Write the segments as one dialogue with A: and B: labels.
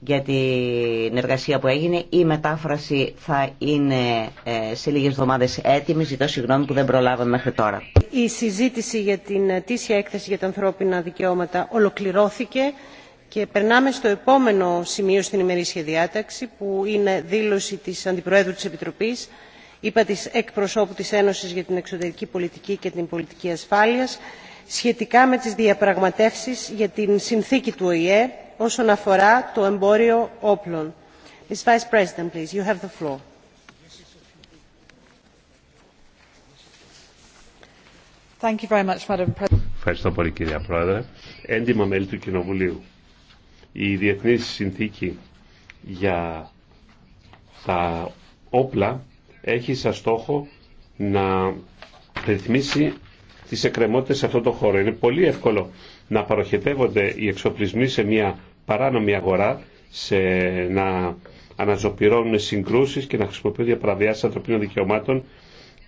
A: για την εργασία που έγινε. Η μετάφραση θα είναι ε, σε λίγες εβδομάδες έτοιμη. Ζητώ συγγνώμη που δεν προλάβαμε μέχρι τώρα.
B: Η συζήτηση για την ετήσια έκθεση για τα ανθρώπινα δικαιώματα ολοκληρώθηκε και περνάμε στο επόμενο σημείο στην ημερήσια διάταξη που είναι δήλωση της Αντιπροέδρου της Επιτροπής είπα της εκπροσώπου της Ένωσης για την εξωτερική πολιτική και την πολιτική ασφάλειας σχετικά με τις διαπραγματεύσεις για την συνθήκη του ΟΗΕ όσον αφορά το εμπόριο όπλων.
C: Ευχαριστώ πολύ κυρία Πρόεδρε. Έντιμα μέλη του Κοινοβουλίου. Η διεθνή Συνθήκη για τα όπλα έχει σαν στόχο να ρυθμίσει τις εκκρεμότητες σε αυτό το χώρο. Είναι πολύ εύκολο να παροχετεύονται οι εξοπλισμοί σε μια παράνομη αγορά σε να αναζωπηρώνουν συγκρούσεις και να χρησιμοποιούν για ανθρωπίνων δικαιωμάτων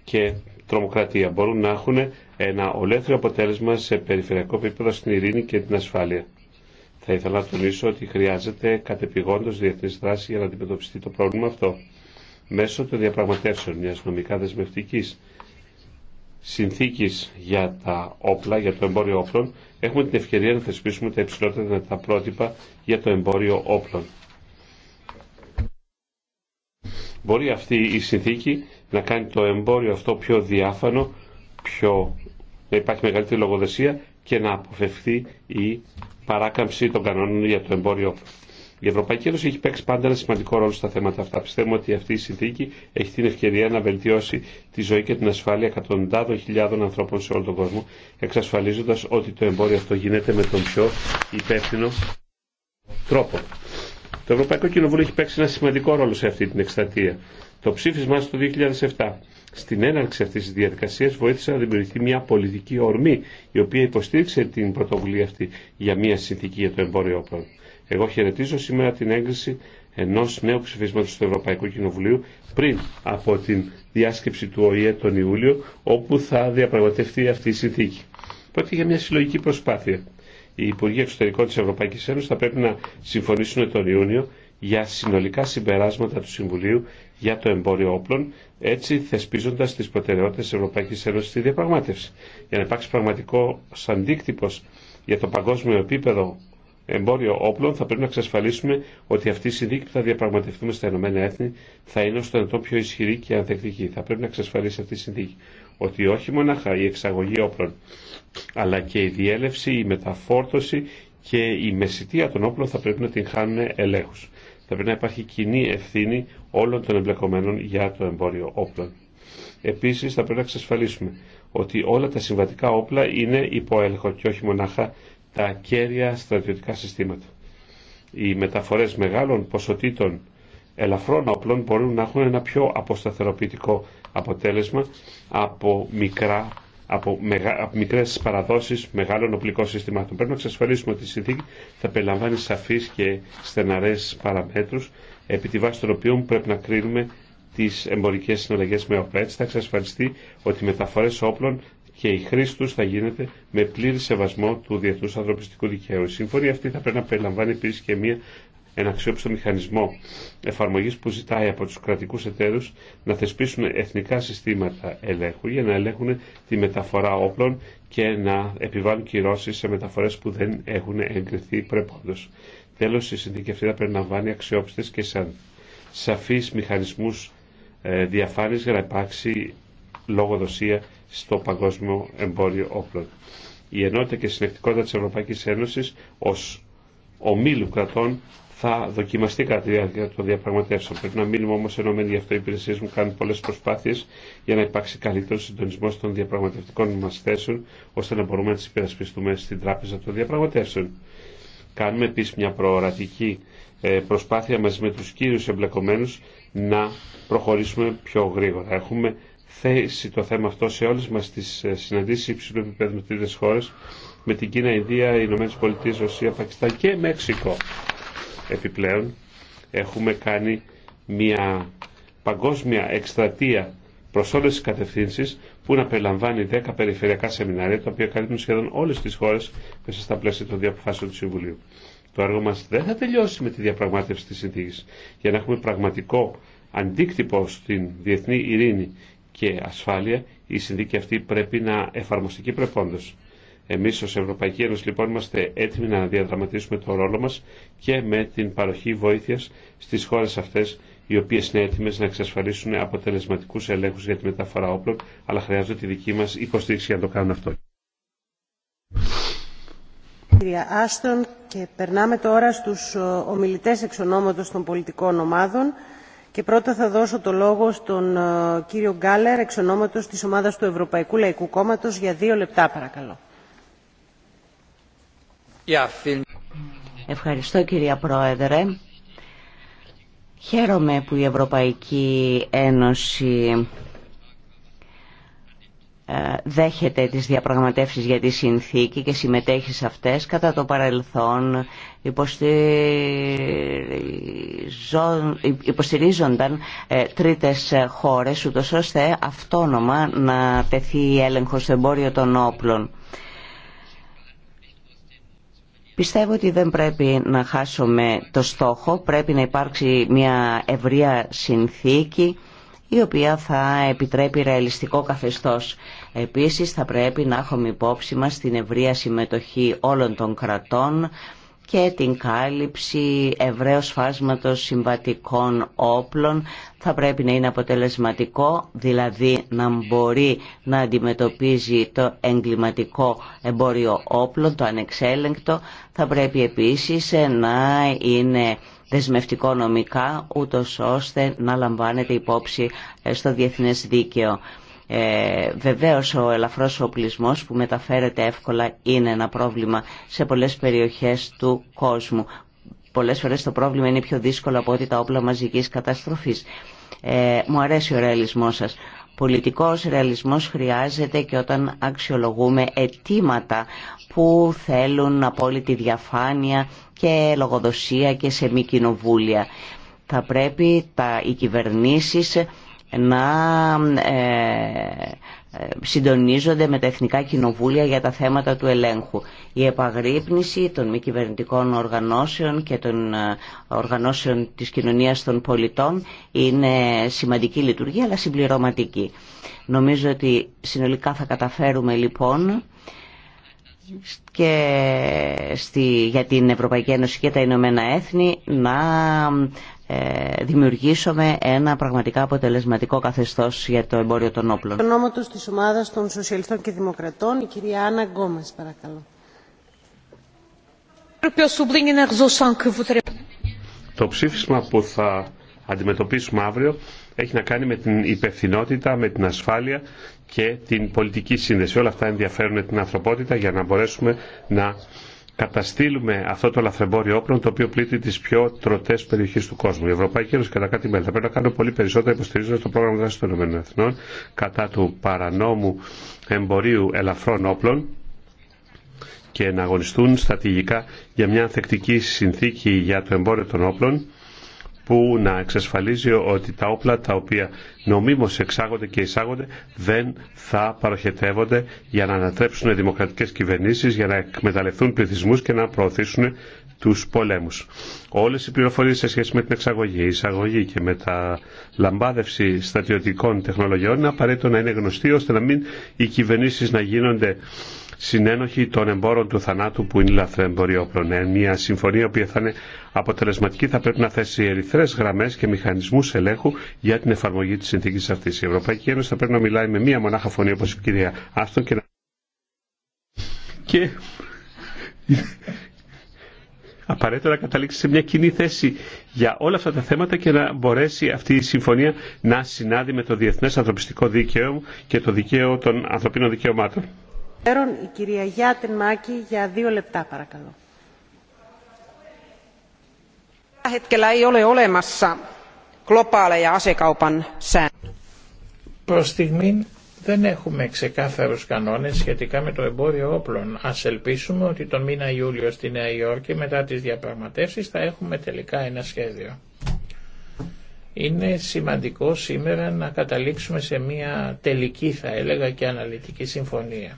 C: και τρομοκρατία. Μπορούν να έχουν ένα ολέθριο αποτέλεσμα σε περιφερειακό επίπεδο στην ειρήνη και την ασφάλεια. Θα ήθελα να τονίσω ότι χρειάζεται κατεπηγόντως διεθνής δράση για να αντιμετωπιστεί το πρόβλημα αυτό. Μέσω των διαπραγματεύσεων μιας νομικά δεσμευτικής συνθήκης για τα όπλα, για το εμπόριο όπλων, έχουμε την ευκαιρία να θεσπίσουμε τα υψηλότερα δυνατά πρότυπα για το εμπόριο όπλων. Μπορεί αυτή η συνθήκη να κάνει το εμπόριο αυτό πιο διάφανο, πιο, να υπάρχει μεγαλύτερη λογοδεσία και να αποφευθεί η παράκαμψη των κανόνων για το εμπόριο όπλων. Η Ευρωπαϊκή Ένωση έχει παίξει πάντα ένα σημαντικό ρόλο στα θέματα αυτά. Πιστεύουμε ότι αυτή η συνθήκη έχει την ευκαιρία να βελτιώσει τη ζωή και την ασφάλεια εκατοντάδων χιλιάδων ανθρώπων σε όλο τον κόσμο, εξασφαλίζοντα ότι το εμπόριο αυτό γίνεται με τον πιο υπεύθυνο τρόπο. Το Ευρωπαϊκό Κοινοβούλιο έχει παίξει ένα σημαντικό ρόλο σε αυτή την εκστατεία. Το ψήφισμά του 2007 στην έναρξη αυτή τη διαδικασία βοήθησε να δημιουργηθεί μια πολιτική ορμή η οποία υποστήριξε την πρωτοβουλία αυτή για μια συνθήκη για το εμπόριο όπλων. Εγώ χαιρετίζω σήμερα την έγκριση ενό νέου ψηφίσματο του Ευρωπαϊκού Κοινοβουλίου πριν από την διάσκεψη του ΟΗΕ τον Ιούλιο, όπου θα διαπραγματευτεί αυτή η συνθήκη. Πρόκειται για μια συλλογική προσπάθεια. Οι Υπουργοί Εξωτερικών τη Ευρωπαϊκή Ένωση θα πρέπει να συμφωνήσουν τον Ιούνιο για συνολικά συμπεράσματα του Συμβουλίου για το εμπόριο όπλων, έτσι θεσπίζοντα τι προτεραιότητε τη Ευρωπαϊκή Ένωση στη διαπραγμάτευση. Για να υπάρξει πραγματικό αντίκτυπο για το παγκόσμιο επίπεδο εμπόριο όπλων θα πρέπει να εξασφαλίσουμε ότι αυτή η συνθήκη που θα διαπραγματευτούμε στα Ηνωμένα Έθνη θα είναι στο το πιο ισχυρή και ανθεκτική. Θα πρέπει να εξασφαλίσει αυτή η συνθήκη ότι όχι μονάχα η εξαγωγή όπλων αλλά και η διέλευση, η μεταφόρτωση και η μεσητεία των όπλων θα πρέπει να την χάνουν ελέγχους. Θα πρέπει να υπάρχει κοινή ευθύνη όλων των εμπλεκομένων για το εμπόριο όπλων. Επίση θα πρέπει να εξασφαλίσουμε ότι όλα τα συμβατικά όπλα είναι υπό έλεγχο και όχι μονάχα τα κέρια στρατιωτικά συστήματα. Οι μεταφορές μεγάλων ποσοτήτων ελαφρών όπλων μπορούν να έχουν ένα πιο αποσταθεροποιητικό αποτέλεσμα από μικρά από, μικρές παραδόσεις μεγάλων οπλικών συστημάτων. Πρέπει να εξασφαλίσουμε ότι η συνθήκη θα περιλαμβάνει σαφείς και στεναρές παραμέτρους επί τη βάση των οποίων πρέπει να κρίνουμε τις εμπορικές συναλλαγές με όπλα. θα εξασφαλιστεί ότι οι μεταφορές όπλων και η χρήση του θα γίνεται με πλήρη σεβασμό του διεθνού ανθρωπιστικού δικαίου. Η σύμφωνη αυτή θα πρέπει να περιλαμβάνει επίση και μια, ένα αξιόπιστο μηχανισμό εφαρμογής που ζητάει από τους κρατικούς εταίρους να θεσπίσουν εθνικά συστήματα ελέγχου για να ελέγχουν τη μεταφορά όπλων και να επιβάλλουν κυρώσεις σε μεταφορές που δεν έχουν εγκριθεί προπόντω. Τέλος, η συνθήκη αυτή θα περιλαμβάνει αξιόπιστες και σαν σαφείς μηχανισμούς ε, διαφάνειας για να υπάρξει λόγοδοσία στο παγκόσμιο εμπόριο όπλων. Η ενότητα και συνεκτικότητα της Ευρωπαϊκής Ένωσης ως ομίλου κρατών θα δοκιμαστεί κατά τη διάρκεια των διαπραγματεύσεων. Πρέπει να μείνουμε όμω ενωμένοι γι' αυτό. Οι υπηρεσίε μου κάνουν πολλέ προσπάθειε για να υπάρξει καλύτερο συντονισμό των διαπραγματευτικών μα θέσεων, ώστε να μπορούμε να τι υπερασπιστούμε στην Τράπεζα των Διαπραγματεύσεων. Κάνουμε επίση μια προορατική ε, προσπάθεια μαζί με του κύριου εμπλεκομένου να προχωρήσουμε πιο γρήγορα. Έχουμε θέσει το θέμα αυτό σε όλες μας τις ε, συναντήσεις υψηλού επίπεδου με τρίτες χώρες, με την Κίνα, Ινδία, Ηνωμένες Πολιτείες, Ρωσία, Πακιστάν και Μέξικο. Επιπλέον έχουμε κάνει μια παγκόσμια εκστρατεία προ όλε τι κατευθύνσει που να περιλαμβάνει 10 περιφερειακά σεμινάρια τα οποία καλύπτουν σχεδόν όλε τι χώρε μέσα στα πλαίσια των διαποφάσεων του Συμβουλίου. Το έργο μα δεν θα τελειώσει με τη διαπραγμάτευση τη συνθήκη. Για να έχουμε πραγματικό αντίκτυπο στην διεθνή ειρήνη και ασφάλεια, η συνδίκη αυτή πρέπει να εφαρμοστεί και προπόντως. Εμεί ω Ευρωπαϊκή Ένωση λοιπόν είμαστε έτοιμοι να διαδραματίσουμε το ρόλο μα και με την παροχή βοήθεια στι χώρε αυτέ οι οποίε είναι έτοιμε να εξασφαλίσουν αποτελεσματικού ελέγχου για τη μεταφορά όπλων, αλλά χρειάζονται τη δική μα υποστήριξη για να το κάνουν αυτό.
B: Κυρία Άστον, περνάμε τώρα στους ε, ομιλητές εξ των πολιτικών ομάδων. Και πρώτα θα δώσω το λόγο στον ε, κύριο Γκάλερ, εξ ονόματος της ομάδας του Ευρωπαϊκού Λαϊκού Κόμματος, για δύο λεπτά παρακαλώ.
A: Ευχαριστώ κυρία Πρόεδρε. Χαίρομαι που η Ευρωπαϊκή Ένωση ε, δέχεται τις διαπραγματεύσεις για τη συνθήκη και συμμετέχει σε αυτές κατά το παρελθόν υποστηρίζονταν ε, τρίτες ε, χώρες ούτως ώστε αυτόνομα να τεθεί η έλεγχο στο εμπόριο των όπλων. Πιστεύω ότι δεν πρέπει να χάσουμε το στόχο, πρέπει να υπάρξει μια ευρεία συνθήκη η οποία θα επιτρέπει ρεαλιστικό καθεστώς. Επίσης θα πρέπει να έχουμε υπόψη μας την ευρεία συμμετοχή όλων των κρατών και την κάλυψη ευρέως φάσματος συμβατικών όπλων θα πρέπει να είναι αποτελεσματικό, δηλαδή να μπορεί να αντιμετωπίζει το εγκληματικό εμπόριο όπλων, το ανεξέλεγκτο. Θα πρέπει επίσης να είναι δεσμευτικό νομικά, ούτως ώστε να λαμβάνεται υπόψη ε, στο διεθνές δίκαιο. Ε, βεβαίως ο ελαφρός οπλισμός που μεταφέρεται εύκολα είναι ένα πρόβλημα σε πολλές περιοχές του κόσμου. Πολλές φορές το πρόβλημα είναι πιο δύσκολο από ότι τα όπλα μαζικής καταστροφής. Ε, μου αρέσει ο ρεαλισμός σας. Πολιτικός ρεαλισμός χρειάζεται και όταν αξιολογούμε αιτήματα που θέλουν απόλυτη διαφάνεια και λογοδοσία και σε μη κοινοβούλια. Θα πρέπει τα, οι κυβερνήσεις να ε, συντονίζονται με τα εθνικά κοινοβούλια για τα θέματα του ελέγχου. Η επαγρύπνηση των μη κυβερνητικών οργανώσεων και των ε, οργανώσεων της κοινωνίας των πολιτών είναι σημαντική λειτουργία αλλά συμπληρωματική. Νομίζω ότι συνολικά θα καταφέρουμε λοιπόν και στη, για την Ευρωπαϊκή Ένωση και τα Ηνωμένα Έθνη να ε, δημιουργήσουμε ένα πραγματικά αποτελεσματικό καθεστώς για το εμπόριο των όπλων.
B: της ομάδας των Σοσιαλιστών και Δημοκρατών, η κυρία Άννα παρακαλώ.
C: Το ψήφισμα που θα αντιμετωπίσουμε αύριο έχει να κάνει με την υπευθυνότητα, με την ασφάλεια και την πολιτική σύνδεση. Όλα αυτά ενδιαφέρουν την ανθρωπότητα για να μπορέσουμε να καταστήλουμε αυτό το λαθρεμπόριο όπλων το οποίο πλήττει τι πιο τροτέ περιοχέ του κόσμου. Η Ευρωπαϊκή Ένωση κατά κάτι μέλη θα πρέπει να κάνουν πολύ περισσότερο υποστηρίζοντα το πρόγραμμα δράση των ΗΠΑ κατά του παρανόμου εμπορίου ελαφρών όπλων και να αγωνιστούν στρατηγικά για μια ανθεκτική συνθήκη για το εμπόριο των όπλων που να εξασφαλίζει ότι τα όπλα τα οποία νομίμως εξάγονται και εισάγονται δεν θα παροχετεύονται για να ανατρέψουν δημοκρατικές κυβερνήσεις, για να εκμεταλλευτούν πληθυσμούς και να προωθήσουν τους πολέμους. Όλες οι πληροφορίες σε σχέση με την εξαγωγή, εισαγωγή και με τα λαμπάδευση στρατιωτικών τεχνολογιών είναι απαραίτητο να είναι γνωστή ώστε να μην οι κυβερνήσεις να γίνονται συνένοχοι των εμπόρων του θανάτου που είναι λαθρεμποριόπλων. Ε, μια συμφωνία που θα είναι αποτελεσματική θα πρέπει να θέσει ερυθρέ γραμμέ και μηχανισμού ελέγχου για την εφαρμογή τη συνθήκη αυτή. Η Ευρωπαϊκή Ένωση θα πρέπει να μιλάει με μία μονάχα φωνή όπω η κυρία Άστον και να. Και απαραίτητα να καταλήξει σε μια κοινή θέση για όλα αυτά τα θέματα και να μπορέσει αυτή η συμφωνία να συνάδει με το διεθνές ανθρωπιστικό δίκαιο και το δικαίωμα των ανθρωπίνων δικαιωμάτων.
B: Η κυρία για δύο λεπτά παρακαλώ.
D: Προς δεν έχουμε ξεκάθαρους κανόνες σχετικά με το εμπόριο όπλων. Ας ελπίσουμε ότι τον μήνα Ιούλιο στη Νέα Υόρκη μετά τις διαπραγματεύσεις θα έχουμε τελικά ένα σχέδιο. Είναι σημαντικό σήμερα να καταλήξουμε σε μια τελική θα έλεγα και αναλυτική συμφωνία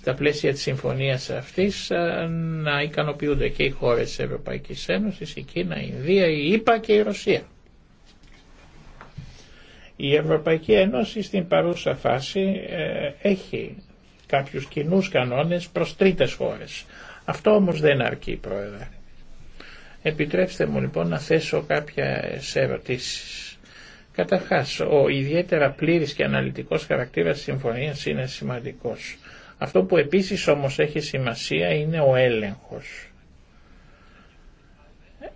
D: στα πλαίσια της συμφωνίας αυτής ε, να ικανοποιούνται και οι χώρες της Ευρωπαϊκής Ένωσης, η Κίνα, η Ινδία, η ΙΠΑ και η Ρωσία. Η Ευρωπαϊκή Ένωση στην παρούσα φάση ε, έχει κάποιους κοινούς κανόνες προς τρίτες χώρες. Αυτό όμως δεν αρκεί, Πρόεδρε. Επιτρέψτε μου λοιπόν να θέσω κάποια ερωτήσει. Καταρχάς, ο ιδιαίτερα πλήρης και αναλυτικός χαρακτήρας της συμφωνίας είναι σημαντικός. Αυτό που επίσης όμως έχει σημασία είναι ο έλεγχος.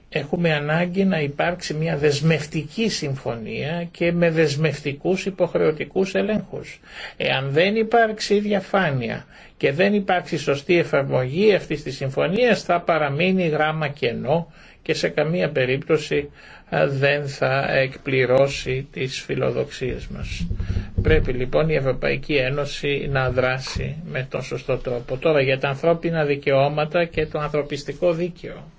D: Έχουμε ανάγκη να υπάρξει μια δεσμευτική συμφωνία και με δεσμευτικούς υποχρεωτικούς ελέγχους. Εάν δεν υπάρξει διαφάνεια και δεν υπάρξει σωστή εφαρμογή αυτής της συμφωνίας θα παραμείνει γράμμα κενό και σε καμία περίπτωση δεν θα εκπληρώσει τις φιλοδοξίες μας. Πρέπει λοιπόν η Ευρωπαϊκή Ένωση να δράσει με τον σωστό τρόπο. Τώρα για τα ανθρώπινα δικαιώματα και το ανθρωπιστικό δίκαιο.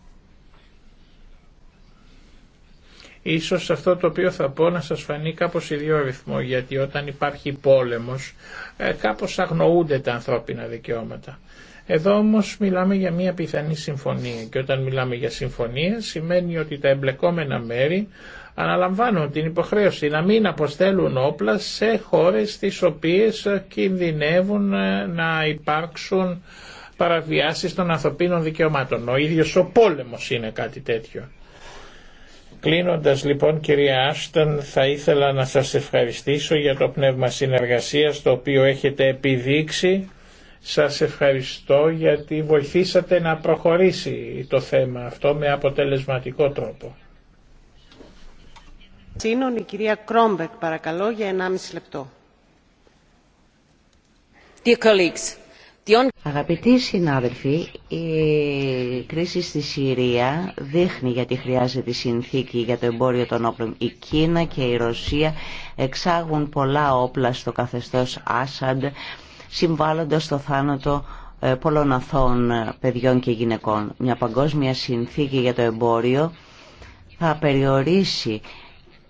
D: Ίσως αυτό το οποίο θα πω να σας φανεί κάπως ιδιόρυθμο γιατί όταν υπάρχει πόλεμος ε, κάπως αγνοούνται τα ανθρώπινα δικαιώματα. Εδώ όμως μιλάμε για μια πιθανή συμφωνία και όταν μιλάμε για συμφωνία σημαίνει ότι τα εμπλεκόμενα μέρη αναλαμβάνουν την υποχρέωση να μην αποστέλουν όπλα σε χώρες τις οποίες κινδυνεύουν ε, να υπάρξουν παραβιάσεις των ανθρωπίνων δικαιωμάτων. Ο ίδιος ο πόλεμος είναι κάτι τέτοιο. Κλείνοντας λοιπόν κυρία Άστον θα ήθελα να σας ευχαριστήσω για το πνεύμα συνεργασίας το οποίο έχετε επιδείξει σας ευχαριστώ γιατί βοηθήσατε να προχωρήσει το θέμα αυτό με αποτελεσματικό τρόπο. η κυρία Κρόμπεκ, παρακαλώ, για
B: 1,5 λεπτό.
A: Dear colleagues, Αγαπητοί συνάδελφοι, η κρίση στη Συρία δείχνει γιατί χρειάζεται συνθήκη για το εμπόριο των όπλων. Η Κίνα και η Ρωσία εξάγουν πολλά όπλα στο καθεστώς Άσαντ συμβάλλοντας στο θάνατο ε, πολλών αθώων ε, παιδιών και γυναικών. Μια παγκόσμια συνθήκη για το εμπόριο θα περιορίσει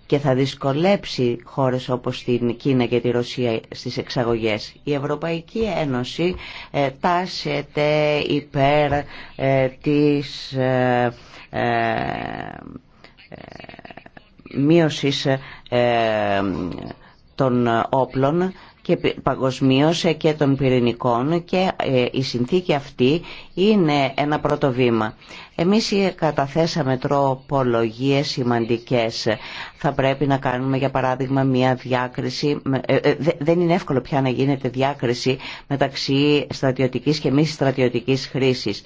A: και θα δυσκολέψει χώρες όπως την Κίνα και τη Ρωσία στις εξαγωγές. Η Ευρωπαϊκή Ένωση ε, τάσεται υπέρ της μείωσης των όπλων και παγκοσμίω ε, και των πυρηνικών και ε, η συνθήκη αυτή είναι ένα πρώτο βήμα. Εμείς ε, καταθέσαμε τροπολογίες σημαντικές. Θα πρέπει να κάνουμε για παράδειγμα μια διάκριση, δεν είναι εύκολο πια να γίνεται διάκριση μεταξύ στρατιωτικής και μη στρατιωτικής χρήσης.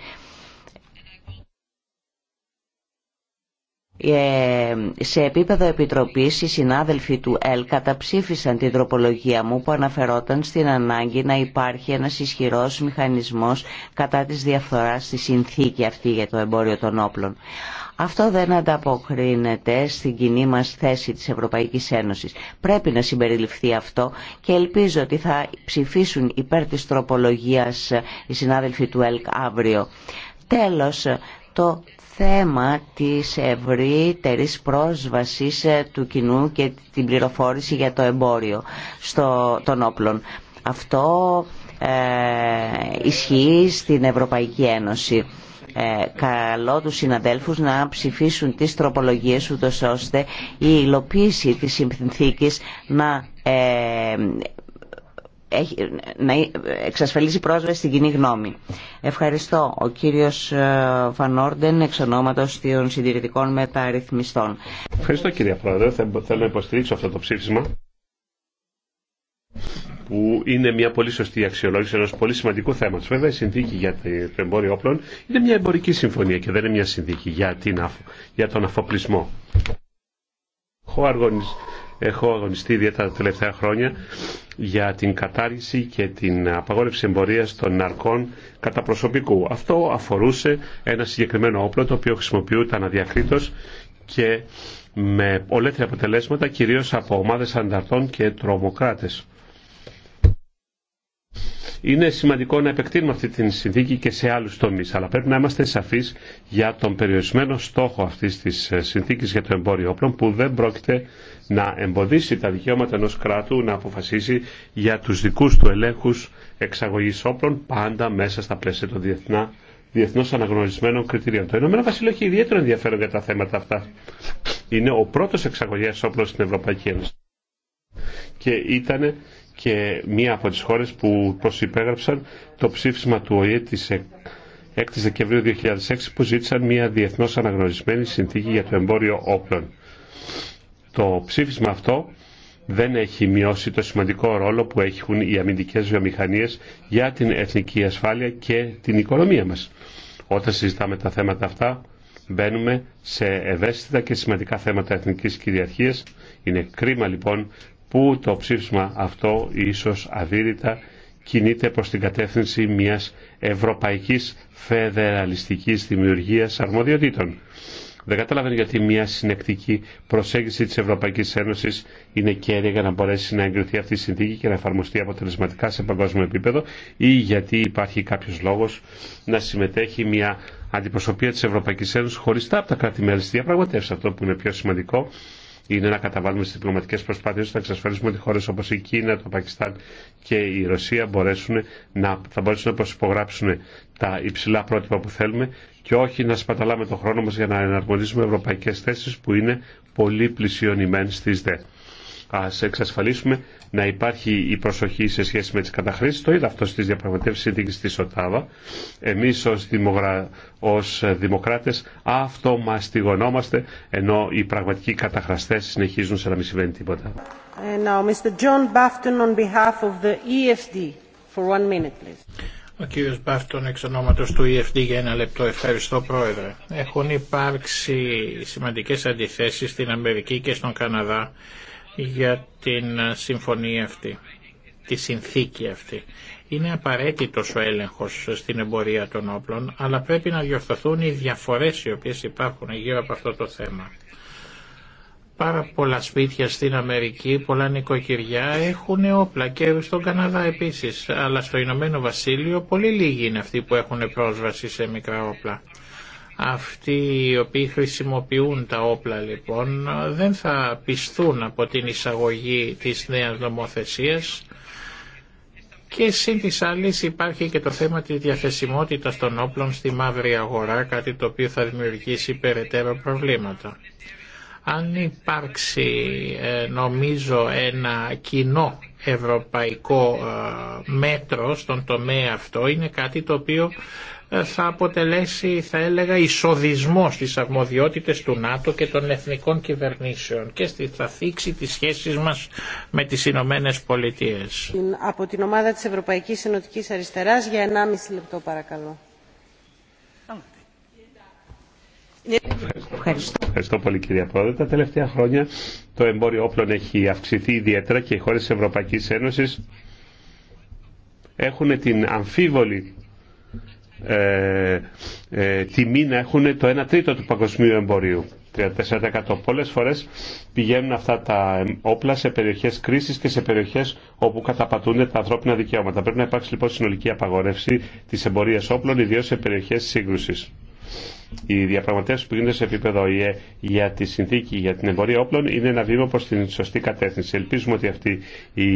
A: Ε, σε επίπεδο επιτροπής οι συνάδελφοι του ΕΛ καταψήφισαν την τροπολογία μου που αναφερόταν στην ανάγκη να υπάρχει ένας ισχυρός μηχανισμός κατά της διαφθοράς στη συνθήκη αυτή για το εμπόριο των όπλων. Αυτό δεν ανταποκρίνεται στην κοινή μας θέση της Ευρωπαϊκής Ένωσης. Πρέπει να συμπεριληφθεί αυτό και ελπίζω ότι θα ψηφίσουν υπέρ της τροπολογίας οι συνάδελφοι του ΕΛΚ αύριο. Τέλος, το θέμα της ευρύτερη πρόσβασης ε, του κοινού και την πληροφόρηση για το εμπόριο στο, των όπλων. Αυτό ε, ισχύει στην Ευρωπαϊκή Ένωση. Ε, καλώ τους συναδέλφους να ψηφίσουν τις τροπολογίες ούτως ώστε η υλοποίηση της συνθήκης να ε, να εξασφαλίσει πρόσβαση στην κοινή γνώμη. Ευχαριστώ ο κύριος Φανόρντεν εξ ονόματος των συντηρητικών μεταρρυθμιστών.
C: Ευχαριστώ κύριε Πρόεδρε. Θέλω να υποστηρίξω αυτό το ψήφισμα που είναι μια πολύ σωστή αξιολόγηση ενός πολύ σημαντικού θέματος. Βέβαια, η συνθήκη για το εμπόριο όπλων είναι μια εμπορική συμφωνία και δεν είναι μια συνθήκη για, την, για τον αφοπλισμό. Ο Έχω αγωνιστεί ιδιαίτερα τα τελευταία χρόνια για την κατάργηση και την απαγόρευση εμπορία των ναρκών κατά προσωπικού. Αυτό αφορούσε ένα συγκεκριμένο όπλο το οποίο χρησιμοποιούταν αδιακρίτως και με ολέθρια αποτελέσματα κυρίω από ομάδε ανταρτών και τρομοκράτε. Είναι σημαντικό να επεκτείνουμε αυτή τη συνθήκη και σε άλλους τομείς, αλλά πρέπει να είμαστε σαφείς για τον περιορισμένο στόχο αυτής της συνθήκης για το εμπόριο όπλων που δεν πρόκειται να εμποδίσει τα δικαιώματα ενός κράτου να αποφασίσει για τους δικούς του ελέγχους εξαγωγής όπλων πάντα μέσα στα πλαίσια των διεθνά, διεθνώς αναγνωρισμένων κριτηρίων. Το Ηνωμένο Βασίλειο έχει ιδιαίτερο ενδιαφέρον για τα θέματα αυτά. Είναι ο πρώτος εξαγωγέας όπλων στην Ευρωπαϊκή Ένωση. Και ήταν και μία από τις χώρες που προσυπέγραψαν το ψήφισμα του ΟΗΕ της 6 Δεκεμβρίου 2006 που ζήτησαν μια διεθνώς αναγνωρισμένη συνθήκη για το εμπόριο όπλων. Το ψήφισμα αυτό δεν έχει μειώσει το σημαντικό ρόλο που έχουν οι αμυντικές βιομηχανίες για την εθνική ασφάλεια και την οικονομία μας. Όταν συζητάμε τα θέματα αυτά, μπαίνουμε σε ευαίσθητα και σημαντικά θέματα εθνικής κυριαρχίας. Είναι κρίμα λοιπόν που το ψήφισμα αυτό ίσως αδύρυτα κινείται προς την κατεύθυνση μιας ευρωπαϊκής φεδεραλιστικής δημιουργίας αρμοδιοτήτων. Δεν καταλαβαίνω γιατί μια συνεκτική προσέγγιση της Ευρωπαϊκής Ένωσης είναι κέρια για να μπορέσει να εγκριθεί αυτή η συνθήκη και να εφαρμοστεί αποτελεσματικά σε παγκόσμιο επίπεδο ή γιατί υπάρχει κάποιος λόγος να συμμετέχει μια αντιπροσωπεία της Ευρωπαϊκής Ένωσης χωριστά από τα κράτη-μέλη στη διαπραγματεύση. Αυτό που είναι πιο σημαντικό είναι να καταβάλουμε στι διπλωματικέ προσπάθειε να εξασφαλίσουμε ότι χώρε όπω η Κίνα, το Πακιστάν και η Ρωσία μπορέσουν να, θα μπορέσουν να προσυπογράψουν τα υψηλά πρότυπα που θέλουμε και όχι να σπαταλάμε τον χρόνο μα για να εναρμονίσουμε ευρωπαϊκέ θέσει που είναι πολύ πλησιωνημένε στι ΔΕ. Ας εξασφαλίσουμε να υπάρχει η προσοχή σε σχέση με τις καταχρήσεις. Το είδα αυτό στις διαπραγματεύσεις συνθήκης της ΟΤΑΒΑ. Εμείς ως, δημογρα... ως δημοκράτες αυτομαστιγωνόμαστε ενώ οι πραγματικοί καταχραστές συνεχίζουν σε να μην συμβαίνει τίποτα.
B: Ε, Mr. John on behalf of the EFD, for one minute,
D: please. Ο κύριος Μπάφτον εξ ονόματος του EFD για ένα λεπτό. Ευχαριστώ πρόεδρε. Έχουν υπάρξει σημαντικές αντιθέσεις στην Αμερική και στον Καναδά για την ε, συμφωνία αυτή, τη συνθήκη αυτή. Είναι απαραίτητος ο έλεγχος στην εμπορία των όπλων, αλλά πρέπει να διορθωθούν οι διαφορές οι οποίες υπάρχουν γύρω από αυτό το θέμα. Πάρα πολλά σπίτια στην Αμερική, πολλά νοικοκυριά έχουν όπλα και στον Καναδά επίσης, αλλά στο Ηνωμένο Βασίλειο πολύ λίγοι είναι αυτοί που έχουν πρόσβαση σε μικρά όπλα. Αυτοί οι οποίοι χρησιμοποιούν τα όπλα λοιπόν δεν θα πιστούν από την εισαγωγή της νέας νομοθεσίας και σύν της άλλης υπάρχει και το θέμα της διαθεσιμότητας των όπλων στη μαύρη αγορά, κάτι το οποίο θα δημιουργήσει περαιτέρω προβλήματα. Αν υπάρξει ε, νομίζω ένα κοινό ευρωπαϊκό ε, μέτρο στον τομέα αυτό είναι κάτι το οποίο θα αποτελέσει θα έλεγα εισοδισμό στις αρμοδιότητες του ΝΑΤΟ και των εθνικών κυβερνήσεων και θα θίξει τις σχέσεις μας με τις Ηνωμένε Πολιτείε.
B: Από την ομάδα της Ευρωπαϊκής Ενωτική Αριστεράς για 1,5 λεπτό παρακαλώ.
D: Ευχαριστώ.
C: Ευχαριστώ. πολύ κυρία Πρόεδρε. Τα τελευταία χρόνια το εμπόριο όπλων έχει αυξηθεί ιδιαίτερα και οι χώρες της Ευρωπαϊκής Ένωσης έχουν την αμφίβολη ε, ε, τιμή να έχουν το 1 τρίτο του παγκοσμίου εμπορίου. 34%. Πολλέ φορέ πηγαίνουν αυτά τα ε, όπλα σε περιοχέ κρίση και σε περιοχέ όπου καταπατούνται τα ανθρώπινα δικαιώματα. Πρέπει να υπάρξει λοιπόν συνολική απαγορεύση τη εμπορία όπλων, ιδίω σε περιοχέ σύγκρουση. Οι διαπραγματεύσει που γίνονται σε επίπεδο ΙΕ για τη συνθήκη για την εμπορία όπλων είναι ένα βήμα προ την σωστή κατεύθυνση. Ελπίζουμε ότι αυτή η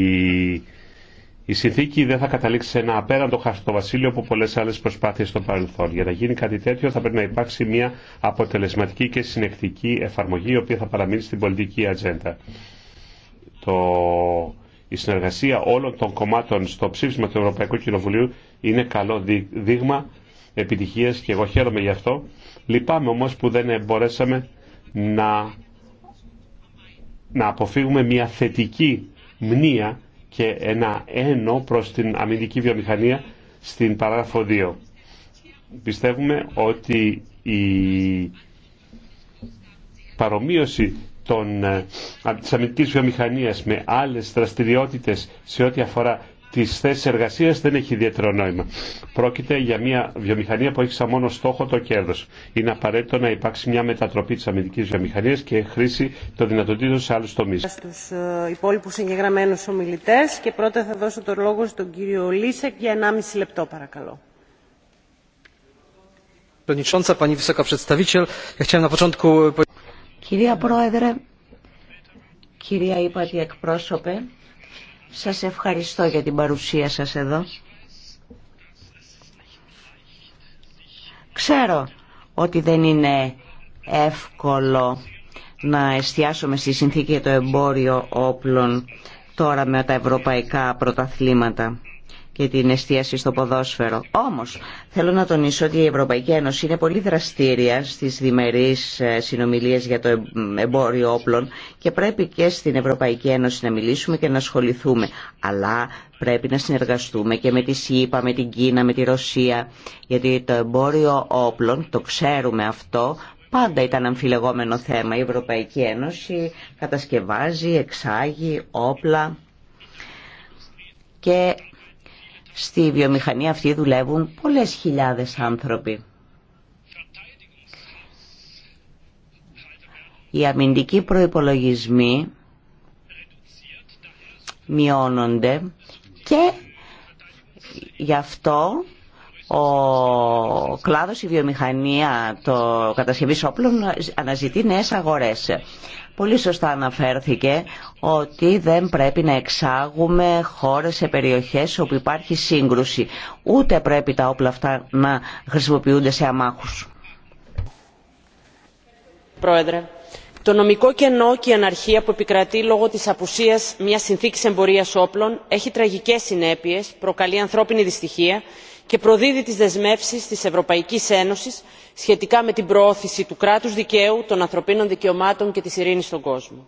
C: η συνθήκη δεν θα καταλήξει σε ένα απέραντο χαρτοβασίλειο από πολλέ άλλε προσπάθειε στο παρελθόν. Για να γίνει κάτι τέτοιο, θα πρέπει να υπάρξει μια αποτελεσματική και συνεκτική εφαρμογή, η οποία θα παραμείνει στην πολιτική ατζέντα. Το... Η συνεργασία όλων των κομμάτων στο ψήφισμα του Ευρωπαϊκού Κοινοβουλίου είναι καλό δείγμα επιτυχία και εγώ χαίρομαι γι' αυτό. Λυπάμαι όμω που δεν μπορέσαμε να, να αποφύγουμε μια θετική μνήα και ένα ένο προς την αμυντική βιομηχανία στην παράγραφο 2. Πιστεύουμε ότι η παρομοίωση των, ε, της αμυντικής βιομηχανίας με άλλες δραστηριότητες σε ό,τι αφορά τις θέσει εργασία δεν έχει ιδιαίτερο νόημα. Πρόκειται για μια βιομηχανία που έχει σαν μόνο στόχο το κέρδο. Είναι απαραίτητο να υπάρξει μια μετατροπή τη αμυντική βιομηχανία και χρήση των δυνατοτήτων σε άλλου τομεί.
B: Στου ε, υπόλοιπου εγγεγραμμένου ομιλητέ και πρώτα θα δώσω το λόγο στον κύριο Λίσεκ για 1,5 λεπτό παρακαλώ. E,
A: κυρία Πρόεδρε, κυρία Υπάτη εκπρόσωπε, σας ευχαριστώ για την παρουσία σας εδώ. Ξέρω ότι δεν είναι εύκολο να εστιάσουμε στη συνθήκη το εμπόριο όπλων τώρα με τα ευρωπαϊκά πρωταθλήματα και την εστίαση στο ποδόσφαιρο. Όμως θέλω να τονίσω ότι η Ευρωπαϊκή Ένωση είναι πολύ δραστήρια στις διμερείς ε, συνομιλίες για το εμπόριο όπλων και πρέπει και στην Ευρωπαϊκή Ένωση να μιλήσουμε και να ασχοληθούμε. Αλλά πρέπει να συνεργαστούμε και με τη ΣΥΠΑ, με την Κίνα, με τη Ρωσία γιατί το εμπόριο όπλων, το ξέρουμε αυτό, πάντα ήταν αμφιλεγόμενο θέμα. Η Ευρωπαϊκή Ένωση κατασκευάζει, εξάγει όπλα Στη βιομηχανία αυτή δουλεύουν πολλές χιλιάδες άνθρωποι. Οι αμυντικοί προϋπολογισμοί μειώνονται και γι' αυτό ο κλάδος, η βιομηχανία, το κατασκευής όπλων αναζητεί νέες αγορές. Πολύ σωστά αναφέρθηκε ότι δεν πρέπει να εξάγουμε χώρες σε περιοχές όπου υπάρχει σύγκρουση. Ούτε πρέπει τα όπλα αυτά να χρησιμοποιούνται σε αμάχους.
E: Πρόεδρε, το νομικό κενό και η αναρχία που επικρατεί λόγω της απουσίας μιας συνθήκης εμπορίας όπλων έχει τραγικές συνέπειες, προκαλεί ανθρώπινη δυστυχία και προδίδει τις δεσμεύσεις της ευρωπαϊκής ένωσης σχετικά με την προώθηση του κράτους δικαίου των ανθρωπίνων δικαιωμάτων και της ειρήνης στον κόσμο.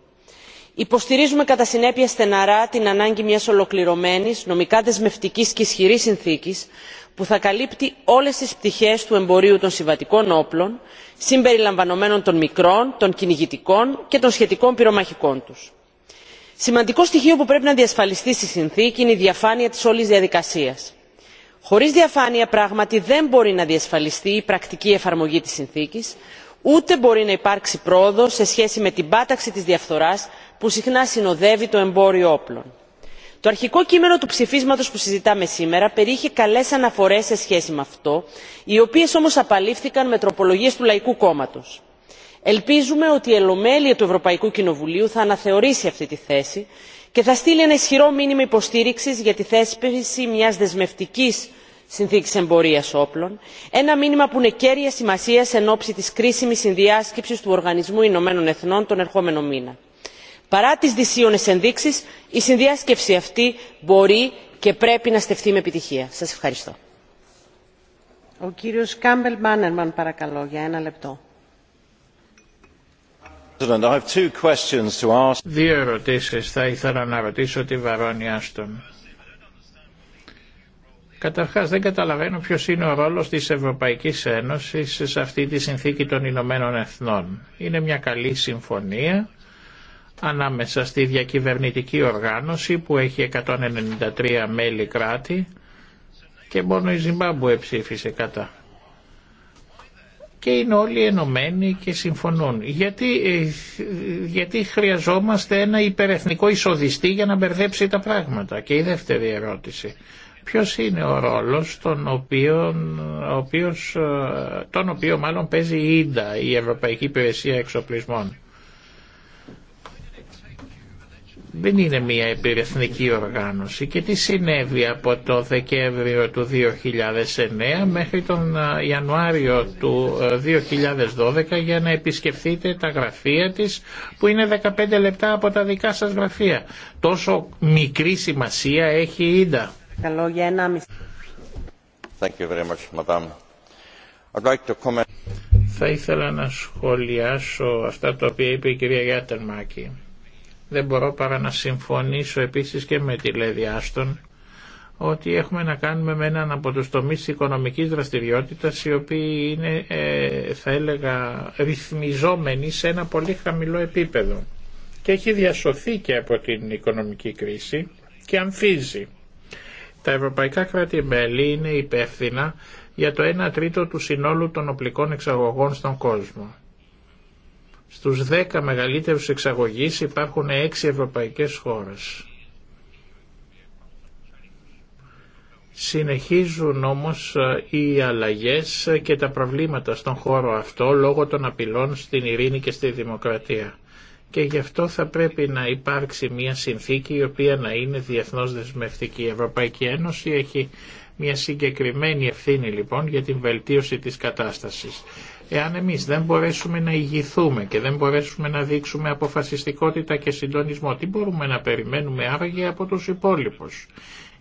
E: υποστηρίζουμε κατά συνέπεια στεναρά την ανάγκη μιας ολοκληρωμένης νομικά δεσμευτικής και ισχυρής συνθήκης που θα καλύπτει όλες τις πτυχές του εμπορίου των συμβατικών όπλων συμπεριλαμβανομένων των μικρών των κυνηγητικών και των σχετικών πυρομαχικών τους. σημαντικό στοιχείο που πρέπει να διασφαλιστεί στη συνθήκη είναι η διαφάνεια της όλης διαδικασίας χωρίς διαφάνεια πράγματι δεν μπορεί να διασφαλιστεί η πρακτική εφαρμογή της συνθήκης ούτε μπορεί να υπάρξει πρόοδος σε σχέση με την πάταξη της διαφθοράς που συχνά συνοδεύει το εμπόριο όπλων. το αρχικό κείμενο του ψηφίσματος που συζητάμε σήμερα περιείχε καλές αναφορές σε σχέση με αυτό οι οποίες όμως απαλήφθηκαν με τροπολογίες του λαϊκού κόμματος. ελπίζουμε ότι η ελομέλεια του ευρωπαϊκού κοινοβουλίου θα αναθεωρήσει αυτή τη θέση και θα στείλει ένα ισχυρό μήνυμα υποστήριξη για τη θέσπιση μια δεσμευτική συνθήκη εμπορία όπλων ένα μήνυμα που είναι κέρια σημασία εν ώψη τη κρίσιμη συνδιάσκεψη του οργανισμού ηνωμένων εθνών τον ερχόμενο μήνα. παρά τι δυσίωνε ενδείξει η συνδιάσκεψη αυτή μπορεί και πρέπει να στεφθεί με επιτυχία. σα ευχαριστώ.
B: Ο παρακαλώ για ένα λεπτό.
D: Δύο ερωτήσεις θα ήθελα να ρωτήσω τη Βαρόνια Στον. Καταρχάς δεν καταλαβαίνω ποιος είναι ο ρόλος της Ευρωπαϊκής Ένωση σε αυτή τη συνθήκη των Ηνωμένων Εθνών. Είναι μια καλή συμφωνία ανάμεσα στη διακυβερνητική οργάνωση που έχει 193 μέλη κράτη και μόνο η Ζιμπάμπουε ψήφισε κατά και είναι όλοι ενωμένοι και συμφωνούν. Γιατί, ε, γιατί χρειαζόμαστε ένα υπερεθνικό εισοδιστή για να μπερδέψει τα πράγματα. Και η δεύτερη ερώτηση. Ποιος είναι ο ρόλος τον οποίο, ε, τον οποίο μάλλον παίζει η ΙΝΤΑ, η Ευρωπαϊκή Υπηρεσία Εξοπλισμών. δεν είναι μια επιρεθνική οργάνωση και τι συνέβη από το Δεκέμβριο του 2009 μέχρι τον ε, Ιανουάριο του 2012 ε, για να επισκεφθείτε τα γραφεία της που είναι 15 λεπτά από τα δικά σας γραφεία. Τόσο μικρή σημασία έχει η ΙΝΤΑ. Θα ήθελα να σχολιάσω αυτά τα οποία είπε η κυρία Γιάτερμάκη δεν μπορώ παρά να συμφωνήσω επίσης και με τη Λέδη Άστον ότι έχουμε να κάνουμε με έναν από τους τομείς της οικονομικής δραστηριότητας οι οποίοι είναι, ε, θα έλεγα, ρυθμιζόμενοι σε ένα πολύ χαμηλό επίπεδο και έχει διασωθεί και από την οικονομική κρίση και αμφίζει. Τα ευρωπαϊκά κράτη-μέλη είναι υπεύθυνα για το 1 τρίτο του συνόλου των οπλικών εξαγωγών στον κόσμο. Στους 10 μεγαλύτερους εξαγωγείς υπάρχουν 6 ευρωπαϊκές χώρες. Συνεχίζουν όμως ε, οι αλλαγές και τα προβλήματα στον χώρο αυτό λόγω των απειλών στην ειρήνη και στη δημοκρατία. Και γι' αυτό θα πρέπει να υπάρξει μια συνθήκη η οποία να είναι διεθνώς δεσμευτική. Η Ευρωπαϊκή Ένωση έχει μια συγκεκριμένη ευθύνη λοιπόν για την βελτίωση της κατάστασης. Εάν εμείς δεν μπορέσουμε να ηγηθούμε και δεν μπορέσουμε να δείξουμε αποφασιστικότητα και συντονισμό, τι μπορούμε να περιμένουμε άραγε από τους υπόλοιπους.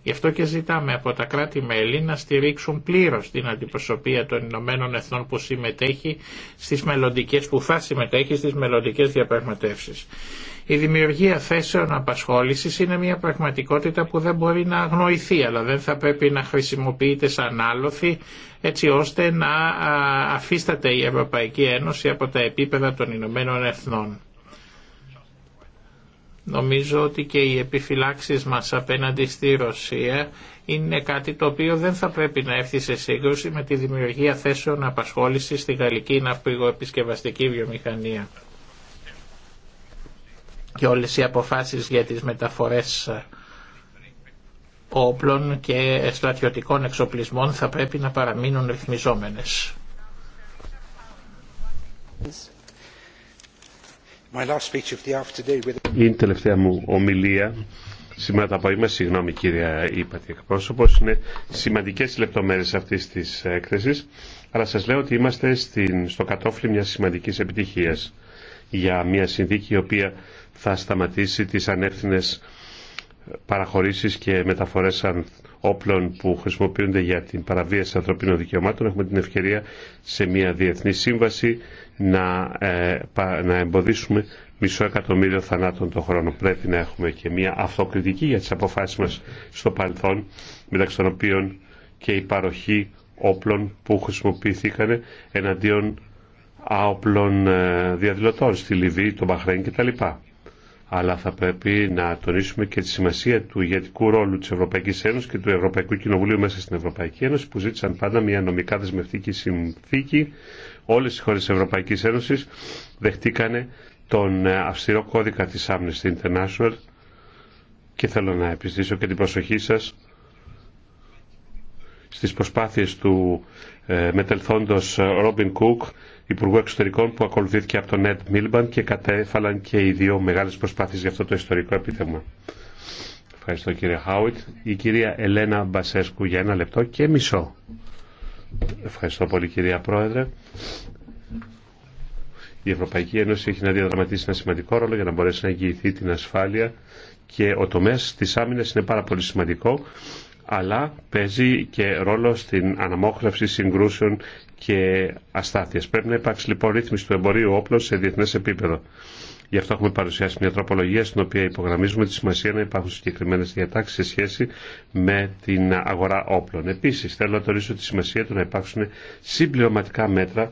D: Γι' αυτό και ζητάμε από τα κράτη-μέλη να στηρίξουν πλήρως την αντιπροσωπεία των Ηνωμένων Εθνών που συμμετέχει στις μελλοντικές, που θα συμμετέχει στις μελλοντικές διαπραγματεύσεις. Η δημιουργία θέσεων απασχόλησης είναι μια πραγματικότητα που δεν μπορεί να αγνοηθεί αλλά δεν θα πρέπει να χρησιμοποιείται σαν άλοθη έτσι ώστε να αφίσταται η Ευρωπαϊκή Ένωση από τα επίπεδα των Ηνωμένων Εθνών. Νομίζω ότι και οι επιφυλάξεις μας απέναντι στη Ρωσία είναι κάτι το οποίο δεν θα πρέπει να έρθει σε σύγκρουση με τη δημιουργία θέσεων απασχόλησης στη γαλλική ναυπηγοεπισκευαστική βιομηχανία και όλες οι αποφάσεις για τις μεταφορές ε, όπλων και στρατιωτικών εξοπλισμών θα πρέπει να παραμείνουν ρυθμιζόμενες.
C: Η τελευταία μου ομιλία σήμερα το απόγευμα, συγγνώμη κύρια Ήπατη εκπρόσωπος, είναι σημαντικές λεπτομέρειες αυτής της έκθεσης, αλλά σας λέω ότι είμαστε στην, στο κατόφλι μιας σημαντικής επιτυχίας για μια συνθήκη η οποία θα σταματήσει τις ανεύθυνες παραχωρήσεις και μεταφορές όπλων που χρησιμοποιούνται για την παραβίαση ανθρωπίνων δικαιωμάτων. Έχουμε την ευκαιρία σε μια διεθνή σύμβαση να, ε, να εμποδίσουμε μισό εκατομμύριο θανάτων το χρόνο. Πρέπει να έχουμε και μια αυτοκριτική για τις αποφάσεις μας στο παρελθόν, μεταξύ των οποίων και η παροχή όπλων που χρησιμοποιήθηκαν εναντίον άοπλων ε, διαδηλωτών στη Λιβύη, τον Μπαχρέν κτλ αλλά θα πρέπει να τονίσουμε και τη σημασία του ηγετικού ρόλου της Ευρωπαϊκής Ένωσης και του Ευρωπαϊκού Κοινοβουλίου μέσα στην Ευρωπαϊκή Ένωση που ζήτησαν πάντα μια νομικά δεσμευτική συνθήκη. Όλες οι χώρες της Ευρωπαϊκής Ένωσης δεχτήκανε τον ε, αυστηρό κώδικα της Amnesty International και θέλω να επιστήσω και την προσοχή σας στις προσπάθειες του ε, μετελθόντος ε, Ρόμπιν Κούκ, Υπουργού Εξωτερικών που ακολουθήθηκε από τον Νέτ Μίλμπαν και κατέφαλαν και οι δύο μεγάλες προσπάθειες για αυτό το ιστορικό επίθεμα. Ευχαριστώ κύριε Χάουιτ. Η κυρία Ελένα Μπασέσκου για ένα λεπτό και μισό. Ευχαριστώ πολύ κυρία Πρόεδρε. Η Ευρωπαϊκή Ένωση έχει να διαδραματίσει ένα σημαντικό ρόλο για να μπορέσει να εγγυηθεί την ασφάλεια και ο τομέας της άμυνας είναι πάρα πολύ σημαντικό αλλά παίζει και ρόλο στην αναμόχλευση συγκρούσεων και αστάθειας. Πρέπει να υπάρξει λοιπόν ρύθμιση του εμπορίου όπλων σε διεθνές επίπεδο. Γι' αυτό έχουμε παρουσιάσει μια τροπολογία στην οποία υπογραμμίζουμε τη σημασία να υπάρχουν συγκεκριμένε διατάξει σε σχέση με την αγορά όπλων. Επίση, θέλω να τονίσω τη σημασία του να υπάρξουν συμπληρωματικά μέτρα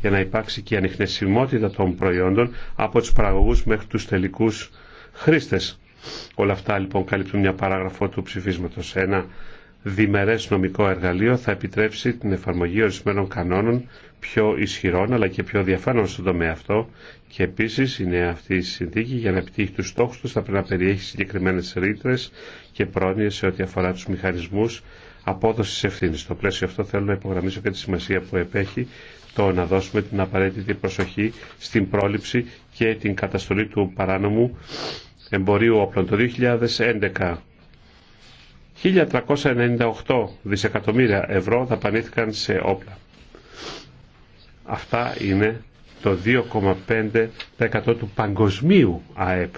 C: για να υπάρξει και η ανιχνεσιμότητα των προϊόντων από του παραγωγού μέχρι του τελικού χρήστε. Όλα αυτά λοιπόν καλύπτουν μια παράγραφο του ψηφίσματος. Ένα διμερές νομικό εργαλείο θα επιτρέψει την εφαρμογή ορισμένων κανόνων πιο ισχυρών αλλά και πιο διαφάνων στον τομέα αυτό και επίσης είναι αυτή η συνθήκη για να επιτύχει τους στόχους του θα πρέπει να περιέχει συγκεκριμένες ρήτρε και πρόνοιες σε ό,τι αφορά τους μηχανισμούς απόδοσης ευθύνη. Στο πλαίσιο αυτό θέλω να υπογραμμίσω και τη σημασία που επέχει το να δώσουμε την απαραίτητη προσοχή στην πρόληψη και την καταστολή του παράνομου εμπορίου όπλων το 2011 1.398 δισεκατομμύρια ευρώ δαπανήθηκαν σε όπλα. Αυτά είναι το 2,5% του παγκοσμίου ΑΕΠ.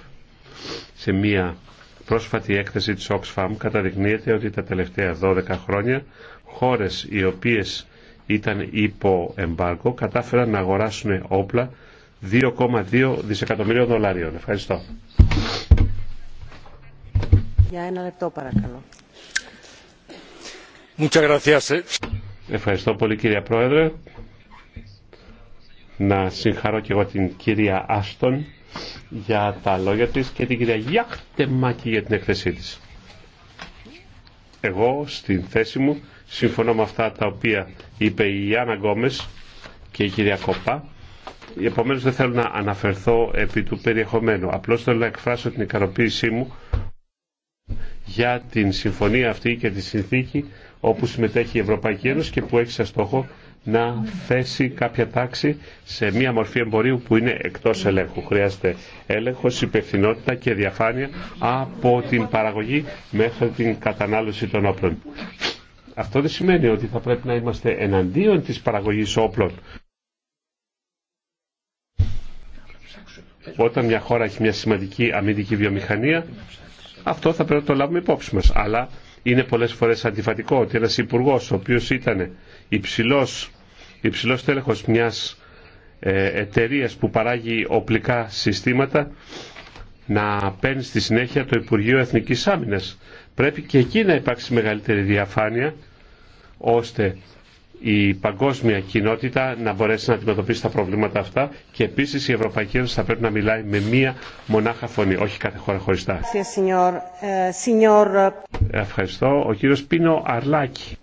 C: Σε μία πρόσφατη έκθεση της Oxfam καταδεικνύεται ότι τα τελευταία 12 χρόνια χώρες οι οποίες ήταν υπό εμπάρκο κατάφεραν να αγοράσουν όπλα 2,2 δισεκατομμυρίων δολαρίων. Ευχαριστώ. Eh. Ευχαριστώ πολύ κύριε Πρόεδρε. Να συγχαρώ και εγώ την κυρία Άστον για τα λόγια της και την κυρία Γιάχτεμάκη για την έκθεσή της. Εγώ στην θέση μου συμφωνώ με αυτά τα οποία είπε η Ιάννα Γκόμες και η κυρία Κοπά. Επομένως δεν θέλω να αναφερθώ επί του περιεχομένου. Απλώς θέλω να εκφράσω την ικανοποίησή μου για την συμφωνία αυτή και τη συνθήκη όπου συμμετέχει η Ευρωπαϊκή Ένωση και που έχει σαν στόχο να θέσει κάποια τάξη σε μία μορφή εμπορίου που είναι εκτός ελέγχου. Χρειάζεται έλεγχος, υπευθυνότητα και διαφάνεια από την παραγωγή μέχρι την κατανάλωση των όπλων. Αυτό δεν σημαίνει ότι θα πρέπει να είμαστε εναντίον της παραγωγής όπλων. Όταν μια χώρα έχει μια σημαντική αμυντική βιομηχανία, αυτό θα πρέπει να το λάβουμε υπόψη μας. Αλλά είναι πολλές φορές αντιφατικό ότι ένας υπουργό, ο οποίος ήταν υψηλός, υψηλός τέλεχος μιας ε, εταιρεία που παράγει οπλικά συστήματα να παίρνει στη συνέχεια το Υπουργείο Εθνικής Άμυνας. Πρέπει και εκεί να υπάρξει μεγαλύτερη διαφάνεια ώστε η παγκόσμια κοινότητα να μπορέσει να αντιμετωπίσει τα προβλήματα αυτά και επίση η Ευρωπαϊκή Ένωση θα πρέπει να μιλάει με μία μονάχα φωνή, όχι κάθε χώρα χωριστά.
B: Ε,
C: Ευχαριστώ. Ο κύριο Πίνο Αρλάκη.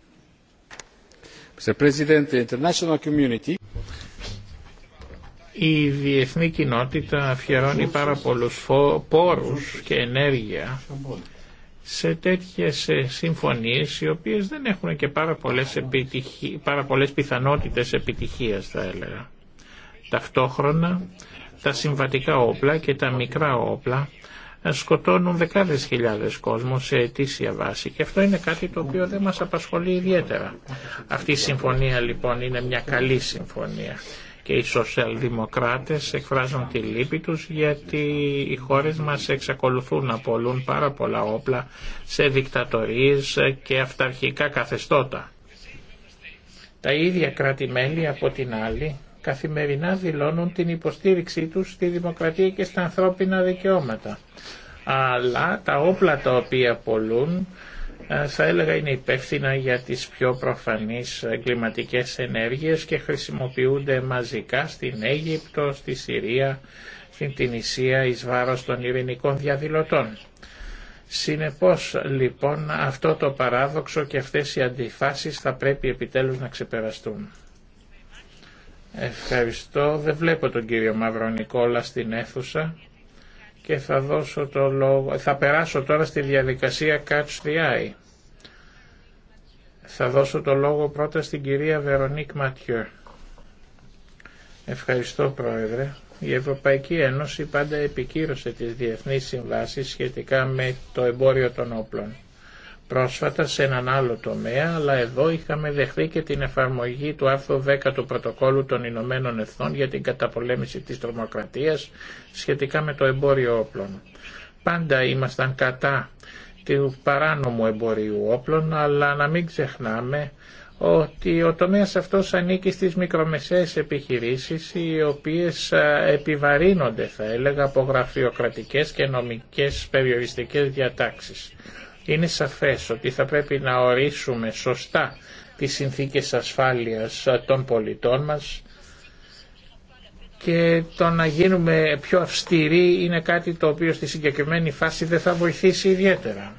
D: Η διεθνή κοινότητα αφιερώνει πάρα πολλούς πόρους και ενέργεια σε τέτοιες ε, συμφωνίες οι οποίες δεν έχουν και πάρα πολλές, επιτυχι... πάρα πολλές πιθανότητες επιτυχίας θα έλεγα. Ταυτόχρονα τα συμβατικά όπλα και τα μικρά όπλα ε, σκοτώνουν δεκάδες χιλιάδες κόσμο σε αιτήσια βάση και αυτό είναι κάτι το οποίο δεν μας απασχολεί ιδιαίτερα. Αυτή η συμφωνία λοιπόν είναι μια καλή συμφωνία και οι σοσιαλδημοκράτες εκφράζουν τη λύπη τους γιατί οι χώρες μας εξακολουθούν να πολλούν πάρα πολλά όπλα σε δικτατορίες και αυταρχικά καθεστώτα. Τα ίδια κράτη-μέλη από την άλλη καθημερινά δηλώνουν την υποστήριξή τους στη δημοκρατία και στα ανθρώπινα δικαιώματα. Αλλά τα όπλα τα οποία πολλούν ε, θα έλεγα είναι υπεύθυνα για τις πιο προφανείς εγκληματικές ενέργειες και χρησιμοποιούνται μαζικά στην Αίγυπτο, στη Συρία, στην Τινησία εις βάρος των ειρηνικών διαδηλωτών. Συνεπώς λοιπόν αυτό το παράδοξο και αυτές οι αντιφάσεις θα πρέπει επιτέλους να ξεπεραστούν. Ευχαριστώ. Δεν βλέπω τον κύριο Μαυρονικόλα στην αίθουσα και θα δώσω το λόγο. Θα περάσω τώρα στη διαδικασία Catch the Eye. Θα δώσω το λόγο πρώτα στην κυρία Βερονίκ Ματιό. Ευχαριστώ Πρόεδρε. Η Ευρωπαϊκή Ένωση πάντα επικύρωσε τις διεθνείς συμβάσεις σχετικά με το εμπόριο των όπλων. Πρόσφατα σε έναν άλλο τομέα, αλλά εδώ είχαμε δεχθεί και την εφαρμογή του άρθρου 10 του Πρωτοκόλου των Ηνωμένων Εθνών για την καταπολέμηση της τρομοκρατίας σχετικά με το εμπόριο όπλων. Πάντα ήμασταν κατά του παράνομου εμπορίου όπλων, αλλά να μην ξεχνάμε ότι ο τομέας αυτός ανήκει στις μικρομεσαίες επιχειρήσεις οι οποίες επιβαρύνονται θα έλεγα από γραφειοκρατικές και νομικές περιοριστικές διατάξεις. Είναι σαφές ότι θα πρέπει να ορίσουμε σωστά τις συνθήκες ασφάλειας των πολιτών μας και το να γίνουμε πιο αυστηροί είναι κάτι το οποίο στη συγκεκριμένη φάση δεν θα βοηθήσει ιδιαίτερα.